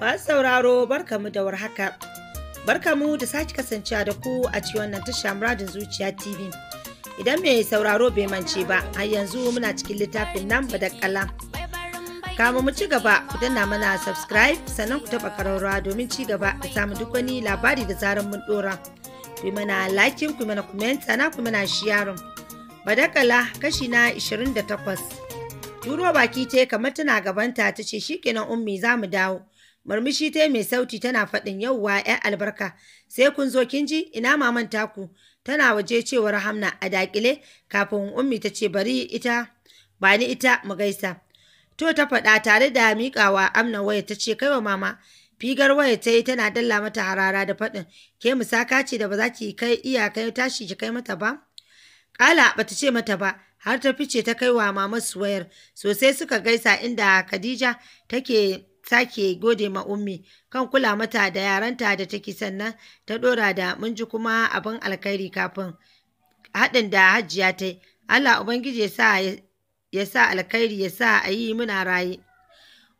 Masu sauraro barkamu da warhaka. Barkamu da sake kasancewa da ku a ci wannan tasha muradin zuciya TV. Idan mai sauraro bai mance ba, har yanzu muna cikin littafin nan ba da kala. Kamu mu ci gaba ku danna mana subscribe sannan ku taɓa ƙararrawa domin ci gaba da samun duk wani labari da zarar mun ɗora. Ku mana liking, ku mana comment, sannan ku mana da Badakala kashi na 28. Turo baki ce kamar tana gabanta ta ce kenan ummi za mu dawo. Murmushi ta mai sauti tana faɗin yauwa ‘yar albarka, sai kun zo kin ji ina maman taku, tana waje cewar hamna a dakile kafin ummi ta ce bari ita, ba ni ita mu gaisa. To ta faɗa tare da miƙawa amna waya ta ce kaiwa mama, figar waya ta yi tana dalla mata harara da faɗin, ke musaka ce da ba za ki kai iyakai tashi ki kai mata ba? Ƙala Ba ta ce mata ba, har ta fice ta kai wa mama suwayar sosai suka gaisa inda Khadija take sake gode ma ummi kan kula mata da yaranta da take sannan ta dora da mun ji kuma abin alkhairi kafin haɗin da hajjiya ta yi allah ubangiji ya sa ya sa alkhairi ya sa a yi muna raye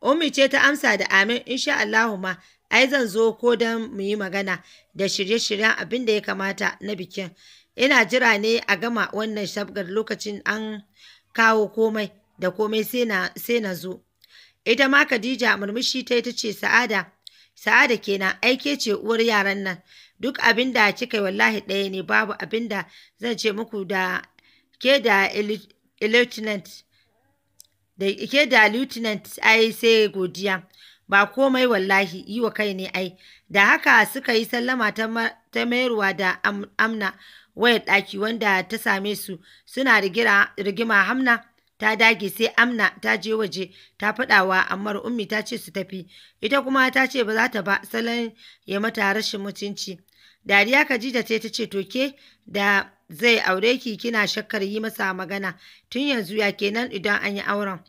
ummi ce ta amsa da amin insha allahu ma ai zan zo ko don mu yi magana da shirye-shiryen abin da ya kamata na bikin ina jira ne a gama wannan shabgar lokacin an kawo komai da komai sai na zo ita ma Khadija murmushi ta ta ce Sa'ada Sa'ada kenan aike ce uwar yaran nan duk abin da kika yi wallahi ɗaya ne babu abin da zan ce muku da ke da lieutenant da ke da lieutenant ai sai godiya ba komai wallahi yi wa kai ne ai da haka suka yi sallama ta mayarwa da amna wayar ɗaki wanda ta same su suna rigima hamna ta dage sai amna ta je waje ta faɗawa amma ummi ta ce su tafi ita kuma ta ce ba za ta ba salon ya mata rashin mutunci dariya khadija ce ta ce to ke da zai aure ki kina shakkar yi masa magana tun yanzu ya kenan idan an yi auren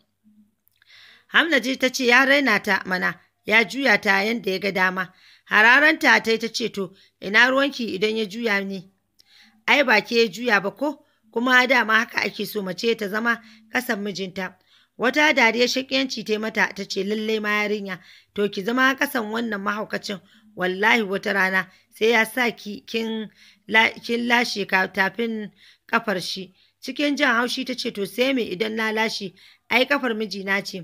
hamna ji ta ce ya raina ta mana ya juya ta yanda ya ga dama hararanta ta ta ce to ina ruwanki idan ya juya ni ai ba ke juya ba ko kuma dama haka ake so mace ta zama kasan mijinta wata dariya shakiyanci ta mata ta ce lallai ma yarinya to ki zama kasan wannan mahaukacin wallahi wata rana sai ya sa kin lashe tafin kafar shi cikin jan haushi ta ce to sai me idan na lashe ai kafar mijina ce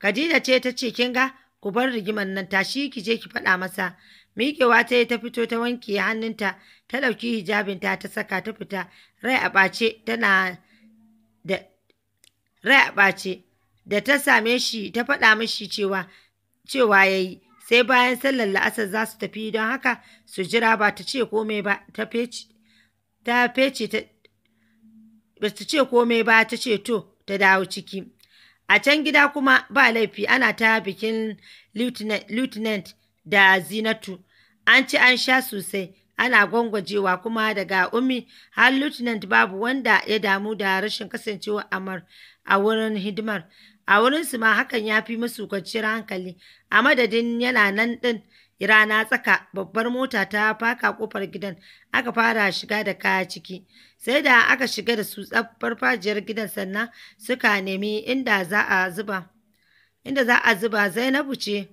Khadija ce ta ce kin ga ku bar rigimar nan tashi ki je ki faɗa masa Miƙewa ta yi ta fito ta wanke hannunta, ta ɗauki hijabinta ta saka ta fita, rai a ɓace tana da rai a ɓace da ta same shi ta faɗa mashi cewa cewa ya yi sai bayan sallar la'asar za su tafi don haka su jira ba ta ce komai ba ta fece ta fece ta ba ta ce komai ba ta ce to ta dawo ciki a can gida kuma ba laifi ana ta bikin lieutenant da Zinatu an ci an sha sosai ana gwangwajewa kuma daga umi har lieutenant babu wanda ya damu da rashin kasancewa amar a wurin hidimar a wurinsu ma hakan ya fi musu kwanciyar hankali a madadin yana nan din rana tsaka babbar mota ta faka kofar gidan aka fara shiga da kaya ciki sai da aka shiga da su tsaffar fajiyar gidan sannan suka nemi inda za a zuba inda za a zuba zainabu ce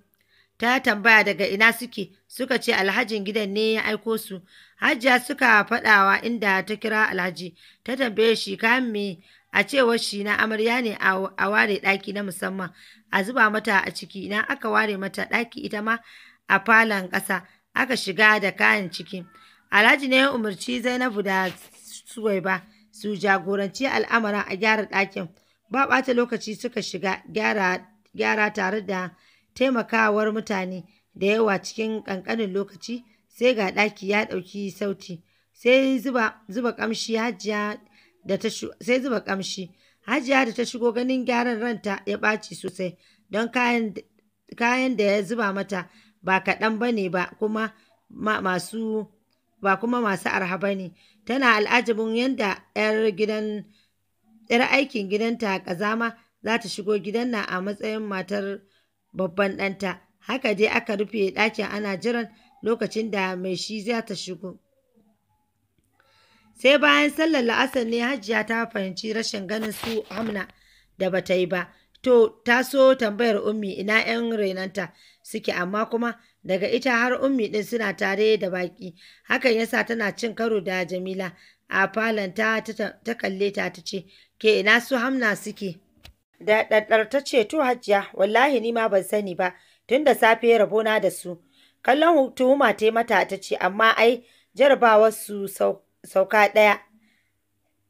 ta tambaya daga ina suke suka ce alhajin gidan ne ya aiko su hajiya suka faɗawa inda ta kira alhaji ta tambaye shi ka me a cewar shi na amarya ne a ware ɗaki na musamman a zuba mata a ciki idan aka ware mata ɗaki ita ma a falon ƙasa aka shiga da kayan ciki alhaji ne ya umarci zainabu da suwaiba su jagoranci al'amarin a gyara ɗakin ba ɓata lokaci suka shiga gyara tare da taimakawar mutane da yawa cikin ƙanƙanin lokaci, sai ga ɗaki ya ɗauki sauti, sai zuba ƙamshi Hajiya da ta shigo ganin gyaran ranta ya ɓaci sosai don kayan da ya zuba mata ba kaɗan ba ne ba kuma masu arha ba ne tana al'ajabin yadda 'yar aikin gidanta kazama za ta shigo gidan na a matsayin matar babban ɗanta. Haka dai aka rufe ɗakin ana jiran lokacin da mai shi za ta shigo. Sai bayan sallar la'asar ne Hajiya ta fahimci rashin ganin su Hamna da bata yi ba. To ta so tambayar Ummi ina 'yan rainanta suke amma kuma daga ita har Ummi ɗin suna tare da baƙi. Hakan yasa tana cin karo da Jamila a falon ta ta kalle ta ta ce ke ina su Hamna suke. da ɗaɗɗar ta ce to hajiya wallahi ni ma ban sani ba tun da safe rabo na da su kallon tuhuma ta yi mata ta ce amma ai jarabawar su sauka ɗaya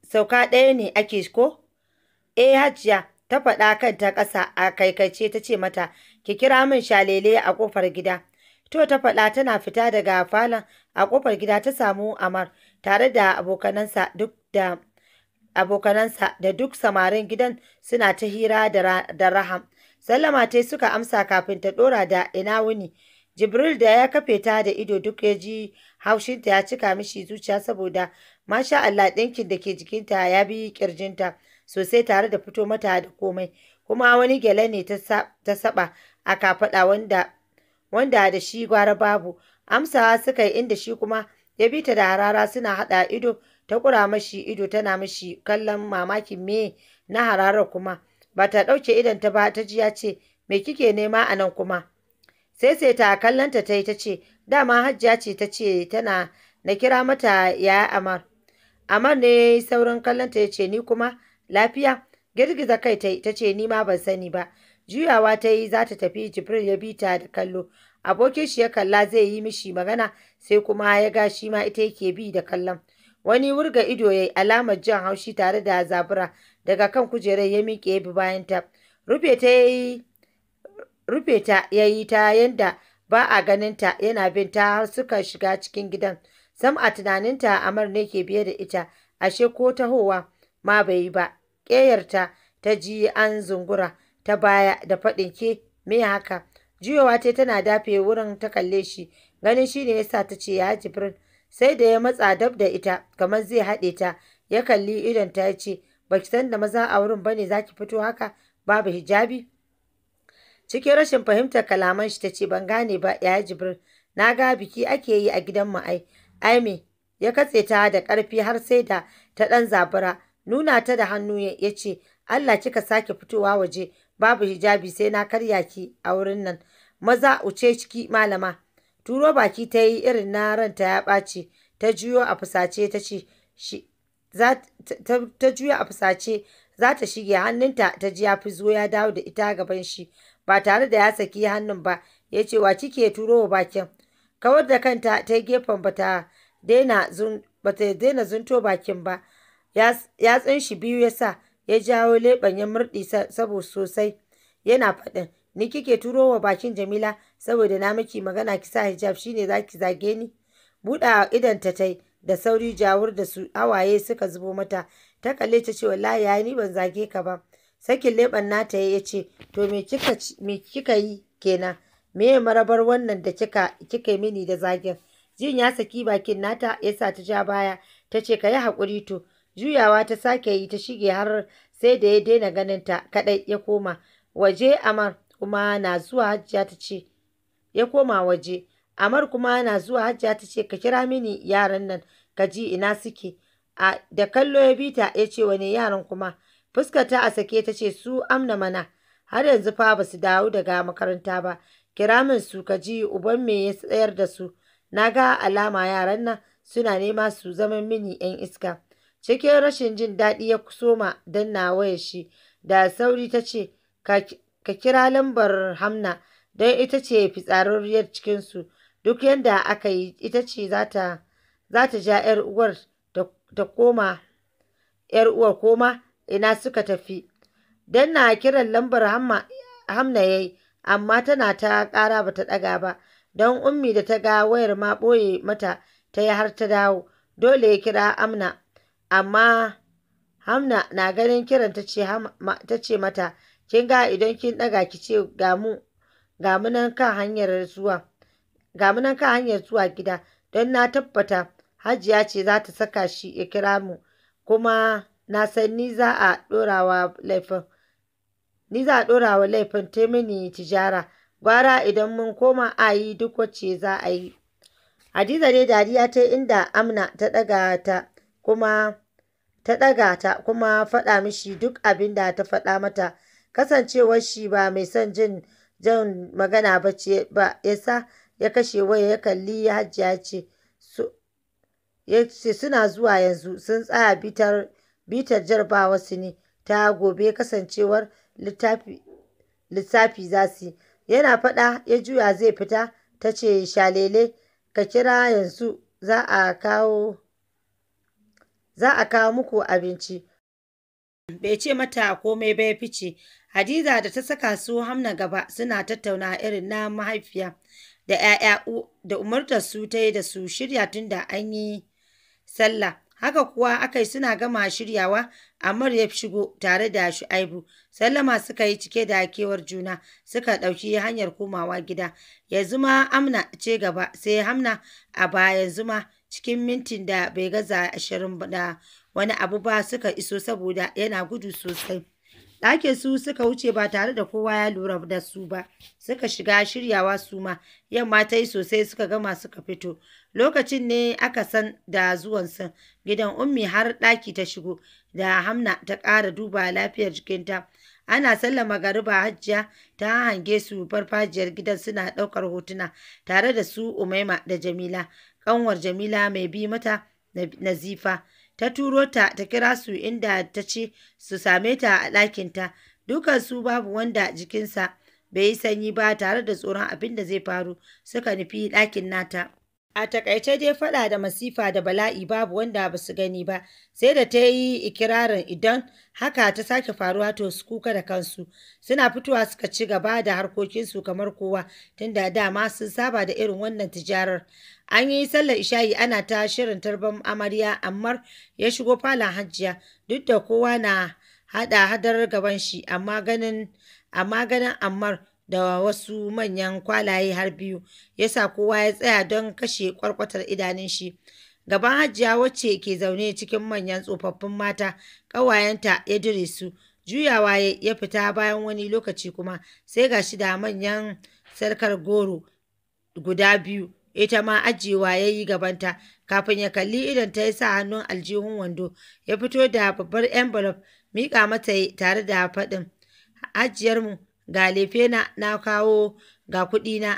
sauka ɗaya ne ake ko eh hajiya ta faɗa kan ta ƙasa a kaikaice ta ce mata ki kira min shalele a ƙofar gida to ta faɗa tana fita daga falon a ƙofar gida ta samu amar tare da abokanansa duk da abokanansa da duk samarin gidan suna ta hira da Raham. Sallama tai suka amsa kafin ta ɗora da ina wuni. Jibril da ya kafe ta da ido duk ya ji haushinta ya cika mishi zuciya saboda masha Allah ɗinkin da ke jikinta ya bi kirjinta sosai tare da fito mata da komai. Kuma wani gyale ne ta saba a kafaɗa wanda da shi gwara babu. Amsawa suka yi inda shi kuma ya bi ta da harara suna haɗa ido ta ƙura mashi ido tana mashi kallon mamakin me na hararar kuma ba ta ɗauke idan ta ba ta ji ya ce me kike nema a nan kuma sai sai ta kallonta ta yi ta ce dama hajjiya ce ta ce tana na kira mata ya amar amar ne saurin kallonta ya ce ni kuma lafiya girgiza kai ta ce ni ma ban sani ba juyawa ta yi za ta tafi jibril ya bi ta da kallo abokin shi ya kalla zai yi mishi magana sai kuma ya ga shi ma ita yake bi da kallon Wani wurga ido ya yi alamar jan haushi tare da zabura daga kan kujerar ya miƙe ya bi bayanta, Rufe ta ya yi ta yanda ba a ganin ta yana bin ta har suka shiga cikin gidan. Sam a tunaninta Amar ne ke biye da ita, ashe ko tahowa ma bai yi ba. Ƙeyarta ta ji an zungura ta baya da faɗin ke me haka. Juyowa ta tana dafe wurin ta kalle shi, ganin shi ne ya sa ta ce ya Jibrin sai da ya matsa dab da ita kamar zai haɗe ta ya kalli idon ta ya ce ki san da maza a wurin bane ki fito haka babu hijabi cikin rashin fahimtar kalaman shi ta ce ban gane ba yaya jibril na ga biki ake yi a gidan mu ai ai ya katse ta da ƙarfi har sai da ta ɗan zabura nuna ta da hannu ya ce Allah kika sake fitowa waje babu hijabi sai na karya ki a wurin nan maza uce ciki malama Turo baki ta yi irin na ranta ya ɓaci, ta juyo a fusace juya a fusace za ta shige hannunta ta ji ya fi zo ya dawo da ita gaban shi ba tare da ya saki hannun ba ya ce wa kike turo wa bakin kawar da kanta ta gefen bata daina daina zunto bakin ba ya tsin shi biyu ya sa ya jawo leɓen ya murɗi sabo sosai yana faɗin Ni kike turo wa bakin Jamila saboda na miki magana ki sa hijab shine zaki zage ni? buda idan ta tai da sauri jawur da su awaye suka zubo mata. Ta kalle ta ce wallahi yayi ni ban zage ka ba. Sakin leban nata ya ce to me kika me kika yi kenan? Me marabar wannan da kika kika mini da zagin? Jin ya saki bakin nata ya sa ta ja baya ta ce ka yi haƙuri to. Juyawa ta sake yi ta shige har sai da ya daina ganin ta kadai ya koma. Waje Amar kuma na zuwa hajjiya ta ce ya koma waje. Amar kuma na zuwa Hajiya ta ce ka kira mini yaran nan ka ji ina suke. A da kallo ya bita ya ce wane yaran kuma fuskar ta a sake ta ce su amna mana har yanzu fa ba su dawo daga makaranta ba. Kira min su ka ji uban me ya tsayar da su. Na ga alama yaran nan suna nema su zama mini 'yan iska. Cikin rashin jin daɗi ya soma danna wayar shi da sauri ta ce ka kira lambar Hamna don ita ce fitsararriyar cikinsu, duk yadda aka yi ita ce za ta ja 'yar uwar koma ina suka tafi. Don na kiran lambar Hamna ya yi, amma tana ta ƙara ba ta ɗaga ba, don Ummi da ta ga wayar ma ɓoye mata ta yi har ta dawo, dole ya kira Amna, amma Hamna na ganin kiran ta ce mata kin ga idan kin ɗaga ki ce ga mu nan kan hanyar zuwa ga mu nan hanyar zuwa gida don na tabbata hajiya ce za ta saka shi ya mu kuma na san ni za a ɗorawa laifin ni za a ɗorawa laifin ta mini tijara gwara idan mun koma a yi duk wacce za a yi hadiza ne dariya ta inda amna ta ɗaga ta kuma ta ɗaga ta kuma faɗa mishi duk abin da ta faɗa mata Kasancewar shi ba mai son jin jan magana ba ya sa ya kashe waya ya kalli hajji ya ce, su Suna zuwa yanzu, sun tsaya bitar wasu ne ta gobe kasancewar lissafi za su Yana faɗa ya juya zai fita, ta ce, Shalele, ka kira yanzu za a kawo za a kawo muku abinci. Bai ce mata komai ba ya fice, Hadiza da ta saka su hamna gaba suna tattauna irin na mahaifiya da ‘ya'ya da umartar su ta yi da su shirya tun da an yi sallah. Haka kuwa akai suna gama shiryawa a ya shigo tare da Shu'aibu. Sallama suka yi cike da kewar juna suka ɗauki hanyar komawa gida. Yanzu ma Amna ce gaba sai Hamna a baya yanzu ma cikin mintin da bai gaza ashirin da wani abu ba suka iso saboda yana gudu sosai. ɗakin su suka wuce ba tare da kowa ya lura da su ba suka shiga shiryawa su ma yamma ta yi sosai suka gama suka fito lokacin ne aka san da zuwan gidan ummi har ɗaki ta shigo da hamna ta ƙara duba lafiyar jikinta ana sallama gariba hajjiya ta hange su farfajiyar gidan suna ɗaukar hotuna tare da su umaima da jamila ƙanwar jamila mai bi mata nazifa ta turo ta ta kira su inda ta ce su same ta a ɗakinta su babu wanda jikinsa bai yi sanyi ba tare da tsoron abin da zai faru suka nufi ɗakin nata A takaice dai faɗa da masifa da bala'i babu wanda ba su gani ba, sai da ta yi ikirarin idan haka ta sake faruwa to su kuka da kansu. Suna fitowa suka ci gaba da harkokinsu kamar kowa tunda dama sun saba da irin wannan tijarar. An yi sallar isha'i ana ta shirin tarban amarya amma ya shigo falon hajjiya duk da kowa na hada hadar gaban shi amma ganin amma ganin ammar da wasu manyan kwalaye har biyu ya sa kowa ya tsaya don kashe kwarkwatar idanun shi gaban hajiya wacce ke zaune cikin manyan tsofaffin mata ƙawayenta ya dire su juyawa ya fita bayan wani lokaci kuma sai ga shi da manyan sarkar goro guda biyu ita ma ajiyewa ya yi gabanta kafin ya kalli idan ta yi sa hannun aljihun wando ya fito da babbar envelope mika mata tare da faɗin ajiyarmu ga lefena na kawo ga kuɗina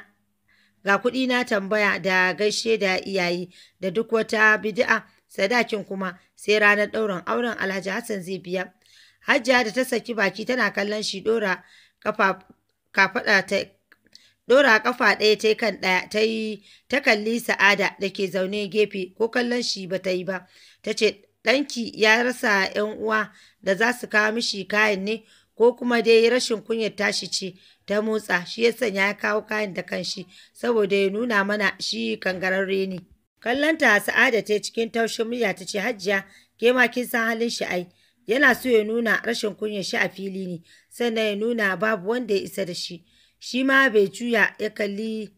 ga kuɗi na tambaya da gaishe da iyaye da duk wata bid'a sadakin kuma sai ranar ɗaurin auren alhaji hassan zai biya hajiya da ta saki baki tana kallon shi ɗora kafa ɗora kafa ɗaya ta kan ɗaya ta yi ta kalli sa'ada da ke zaune gefe ko kallon shi ba ta yi ba ta ce ɗanki ya rasa 'yan uwa da za su kawo mishi kayan ne ko kuma dai rashin kunyar tashi ce ta motsa shi ya sanya ya kawo kayan da kanshi saboda ya nuna mana shi kangararre ne. ta Sa'ada ta cikin taushin murya ta ce Hajiya ke ma kin san halin shi ai yana so ya nuna rashin kunyar shi a fili ne sannan ya nuna babu wanda ya isa da shi shi ma bai juya ya kalli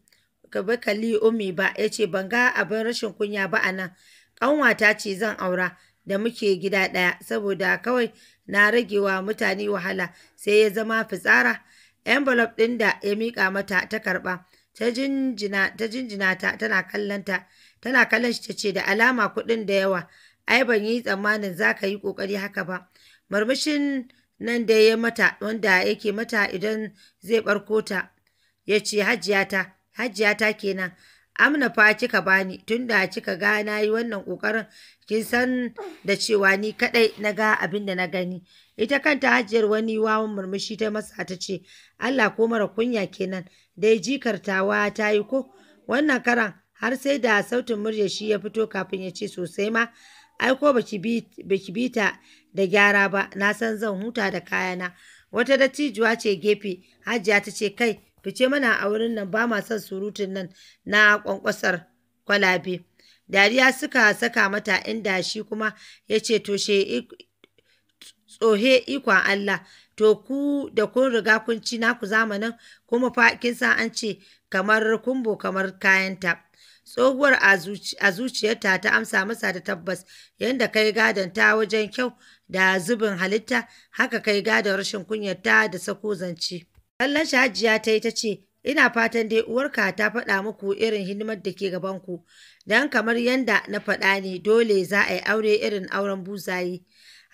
gaba kalli ummi ba ya ce ban ga abin rashin kunya ba a nan ƙanwata ce zan aura da muke gida ɗaya saboda kawai na rage wa mutane wahala sai ya zama fitsara envelope ɗin da ya miƙa mata ta karɓa ta jinjina ta tana kallon ta tana kallon shi ta ce da alama kuɗin da yawa ai ban yi tsammanin za ka yi ƙoƙari haka ba murmushin nan da ya mata wanda yake mata idan zai barko ta ya ce Hajiya hajiyata kenan amna fa kika bani tunda kika ga na yi wannan kokarin kin san da cewa ni kadai na ga abin da na gani ita kanta hajiyar wani wawan murmushi ta masa ta ce Allah ko mara kunya kenan dai jikartawa ta yi ko wannan karan har sai da sautin murya shi ya fito kafin ya ce sosai ma ai ko baki bi ta da gyara ba na san zan huta da kayana wata dattijuwa ce gefe hajiya ta ce kai fice mana a wurin nan ba ma son surutun nan na kwankwasar kwalabe dariya suka saka mata inda shi kuma ya ce toshe tsohe ikon Allah to ku da kun riga kun ci naku zamanin kuma fa kin sa an ce kamar kumbo kamar kayanta tsohuwar a zuciyarta ta amsa masa da tabbas yadda kai gadon ta wajen kyau da zubin halitta haka kai gadon rashin kunyarta da sako zance Kallon shi Hajiya ta yi ta ce, Ina fatan dai uwarka ta faɗa muku irin hidimar da ke gabanku, don kamar yadda na faɗa ne dole za a yi aure irin auren buzayi.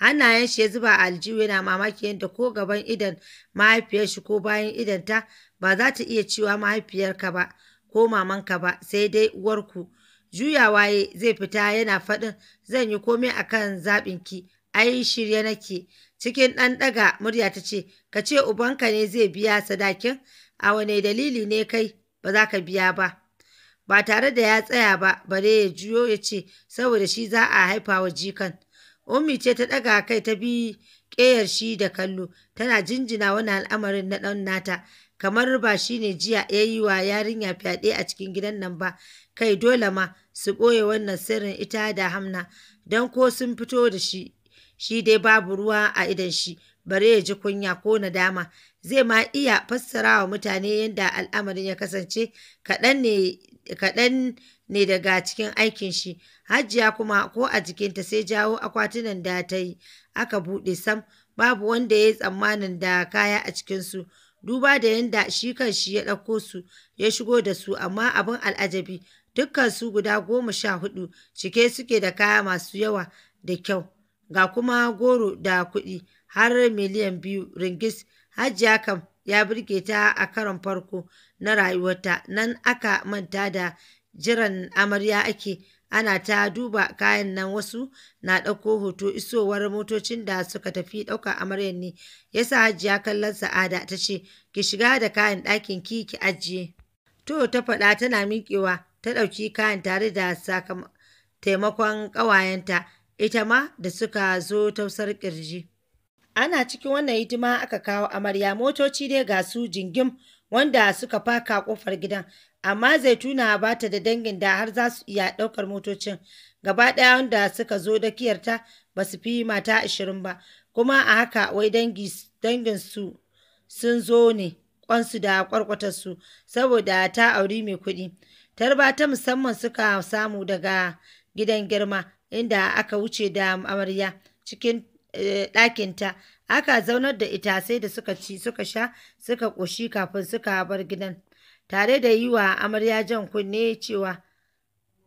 Hannayen shi ya zuba a aljihu yana mamaki yadda ko gaban idan mahaifiyar shi ko bayan ta, ba za ta iya cewa mahaifiyarka ba ko mamanka ba sai dai uwarku. Juyawa zai fita yana faɗin zan yi komai akan zaɓinki, ai shirya nake cikin ɗan ɗaga murya ta ce ka ce ubanka ne zai biya sadakin a wane dalili ne kai ba za ka biya ba ba tare da ya tsaya ba bare ya juyo ya ce saboda shi za a haifa wa jikan ummi ce ta ɗaga kai ta bi ƙeyar shi da kallo tana jinjina wani al'amarin na ɗan nata kamar ba shi ne jiya ya yi wa yarinya fyaɗe a cikin gidan nan ba kai dole ma su ɓoye wannan sirrin ita da hamna don ko sun fito da shi shi dai babu ruwa a idan shi bare ya ji kunya ko nadama zai ma iya fassara wa mutane yadda al'amarin ya kasance kaɗan ne daga cikin aikin shi hajiya kuma ko a jikinta sai jawo akwatunan da ta yi aka buɗe sam babu wanda ya yi tsammanin da kaya a cikinsu duba da yadda shi kan shi ya ɗauko su ya shigo da su amma abin al'ajabi dukkan su guda goma sha hudu cike suke da kaya masu yawa da kyau ga kuma goro da kuɗi har miliyan biyu ringis hajiya kam ya birge ta a karon farko na rayuwarta nan aka manta da jiran amarya ake ana ta duba kayan nan wasu na ɗauko hoto isowar motocin da suka tafi ɗauka amaryar ne yasa hajiya kallon sa'ada ta ce ki shiga da kayan ɗakin ki ki ajiye to ta faɗa tana miƙewa ta ɗauki kayan tare da sakamakon taimakon ƙawayenta ita ma da suka zo tausar kirji. Ana cikin wannan hidima aka kawo amarya motoci dai ga su jingim wanda suka faka kofar gidan amma zaituna ba ta da dangin da har za su iya ɗaukar motocin gaba ɗaya wanda suka zo kiyarta ba su fi mata ashirin ba kuma a haka wai dangin su sun zo ne kwansu da kwarkwatarsu saboda ta auri mai kuɗi tarba ta musamman suka samu daga gidan girma inda aka wuce da amarya cikin eh, ɗakinta aka zaunar da ita sai da suka ci suka sha suka ƙoshi kafin suka bar gidan tare da yi wa amarya jan kunne cewa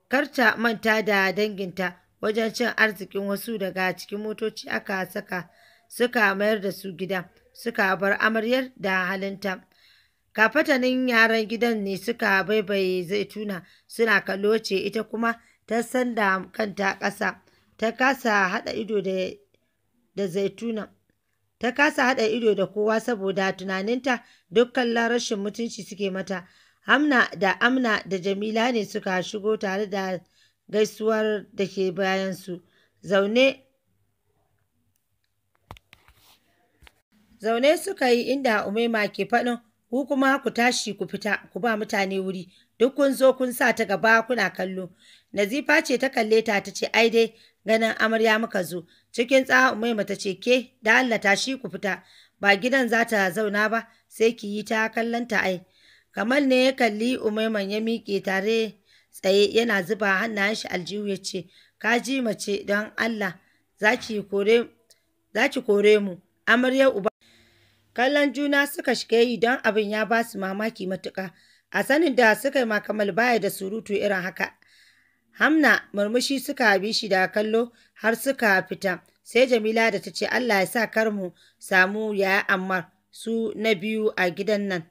karta manta da danginta wajen cin arzikin wasu daga cikin motoci aka saka suka mayar da su gida suka bar amaryar da halinta kafatanin yaran gidan ne suka baibaye zaituna suna kallo ce ita kuma ta sanda kanta ƙasa ta kasa haɗa ido da da zaituna ta kasa haɗa ido da kowa saboda tunaninta dukkan rashin mutunci suke mata hamna da amna da jamila ne suka shigo tare da gaisuwar da ke bayansu zaune zaune suka yi inda Umema ke faɗin ku kuma ku tashi ku fita ku ba mutane wuri duk kun zo kun sa ta gaba kuna kallo nazifa ce ta kalle ta ta ce ai dai ganin amarya muka zo cikin tsawon umaima ta ce ke da Allah ta shi ku fita ba gidan za ta zauna ba sai ki yi ta kallon ta ai kamal ne ya kalli umaiman ya miƙe tare tsaye yana zuba hannayen shi aljihu ya ce ka ji mace don Allah za ki kore mu amaryar uba kallon juna suka shiga yi don abin ya ba su mamaki matuƙa A sanin da suka yi makamal baya da surutu irin haka. Hamna murmushi suka bi shi da kallo har suka fita. Sai Jamila da ta ce Allah ya sa kar mu samu ya Ammar su na biyu a gidan nan.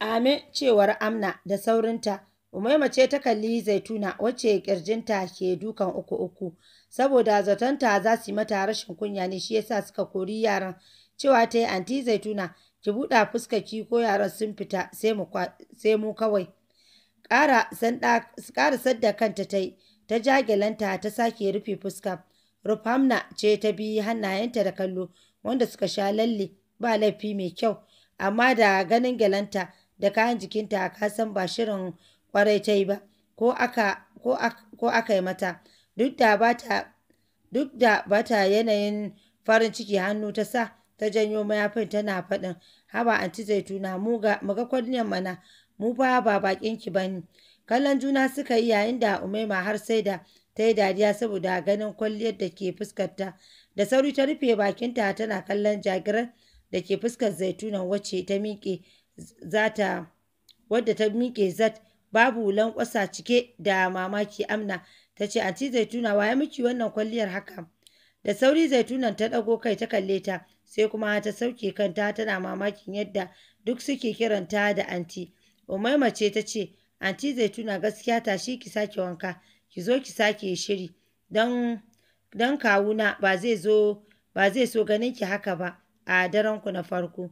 Ame cewar Amna da saurinta. Umaima ce ta kalli zaituna wacce kirjinta ke dukan uku uku saboda zatonta za su yi mata rashin kunya ne shi yasa suka kori yaran cewa ta yi anti zaituna ki buɗa fuskaki ko yaran sun fita sai mu kawai ƙara sadda kanta ta yi ta jagilanta ta sake rufe fuska rufamna ce ta bi hannayenta da kallo wanda suka sha lalle ba laifi mai kyau amma da ganin gelanta da kayan jikinta ka san ba shirin kwarai ta yi ba ko aka yi mata duk da ba ta yanayin farin ciki hannu ta sa ta janyo mayafin tana faɗin haba anti zaituna mu ga muga kwalliyar mana mu fa ba bakin ki bane kallon juna suka yi yayin da umaima har sai da ta yi dariya saboda ganin kwalliyar da ke fuskarta da sauri ta rufe bakinta tana kallon jagirar da ke fuskar zaitunan wacce ta miƙe zata wadda ta miƙe zat babu lankwasa cike da mamaki amna ta ce anti zaituna waye miki wannan kwalliyar haka da sauri zaitunan ta ɗago kai ta kalle ta sai kuma ta sauke kanta tana mamakin yadda duk suke kiranta da anti umaima ce ta ce anti zaituna gaskiya tashi ki sake wanka ki zo ki sake shiri don kawuna ba zai so ganin ki haka ba a daren ku na farko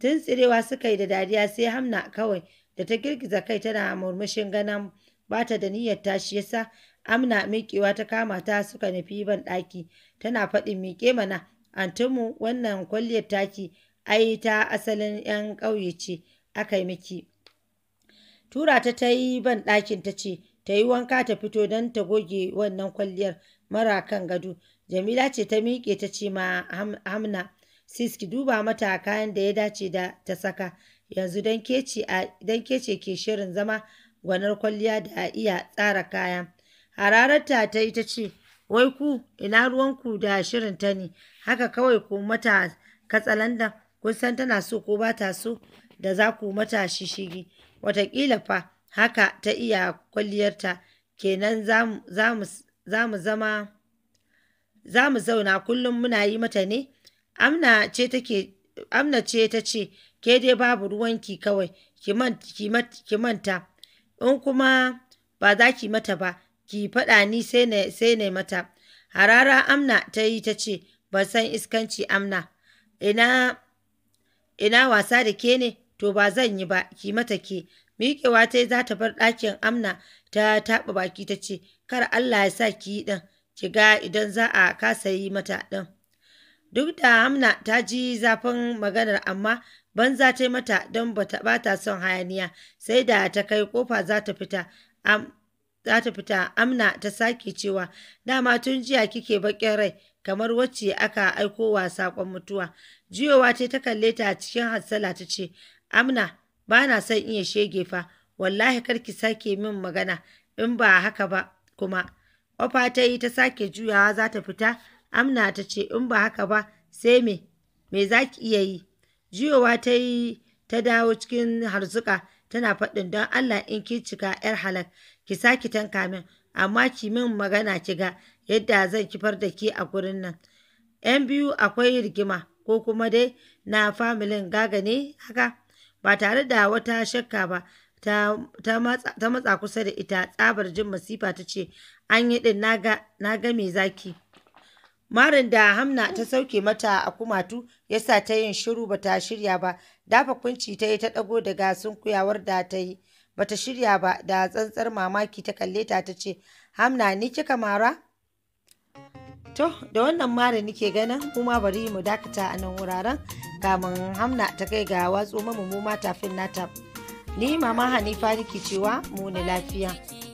tun tsirewa suka yi da dariya sai hamna kawai da ta girgiza kai tana murmushin ganin bata da niyyar tashi yasa amna miƙewa ta kama ta suka nufi ban ɗaki tana faɗin miƙe mana Antinmu wannan kwalliyar taki ai ta asalin 'yan ƙauye ce aka yi miki. Tura ta ta yi banɗakin ta ce ta yi wanka ta fito don ta goge wannan kwalliyar mara kan gado. Jamila ce ta miƙe ta ce ma Hamna, siski duba mata kayan da ya dace da ta saka yanzu don ke ke shirin zama gwanar kwalliya da iya tsara kaya. Hararta ta yi ta ce, wai ku ina ruwanku da shirin ta ne, haka kawai ku mata katsalandan kun san tana so ko ba ta so da za ku mata shishigi watakila fa haka ta iya kwalliyarta kenan za mu zama za mu zauna kullum muna yi mata ne amna ce ta ce ke dai babu ruwanki kawai ki manta in kuma ba za ki mata ba ki faɗa ni sai ne mata harara amna ta yi ta ce ban san iskanci amna ina ina wasa da ke ne to ba zan yi ba ki mata ke miƙewa ta za ta bar ɗakin amna ta taɓa baki ta ce kar allah ya sa ki yi ɗin ki ga idan za a kasa yi mata ɗin duk da amna ta ji zafin maganar amma banza ta mata don ba ta son hayaniya sai da ta kai kofa za ta fita za ta fita amna ta sake cewa dama tun jiya kike bakin rai kamar wacce aka aiko wa sakon mutuwa jiyowa ce ta kalle ta cikin hassala ta ce amna ba na son iya shege fa wallahi kar ki sake min magana in ba haka ba kuma ofa ta yi ta sake juyawa za ta fita amna ta ce in ba haka ba sai me me za ki iya yi jiyowa ta yi ta dawo cikin harzuka tana faɗin don Allah in ki cika 'yar halal ki saki tanka min amma ki min magana ki ga yadda zan kifar da ki a gurin nan. 'Yan biyu akwai rigima ko kuma dai na familin gaga ne haka ba tare da wata shakka ba ta matsa kusa da ita tsabar jin masifa ta ce an yi ɗin na ga me zaki. Marin da Hamna ta sauke mata a kumatu ya sa ta yin shiru ba ta shirya ba, dafa kunci ta yi ta ɗago daga sunkuyawar da ta yi. Ba ta shirya ba da tsantsar mamaki ta kalle ta ta ce, Hamna ni kika mara? To, da wannan marin nike ganin kuma bari mu dakata a nan wuraren kamun Hamna ta kai ga watsu mamu mu nata. Ni mama Hanifa nike cewa mu ni lafiya.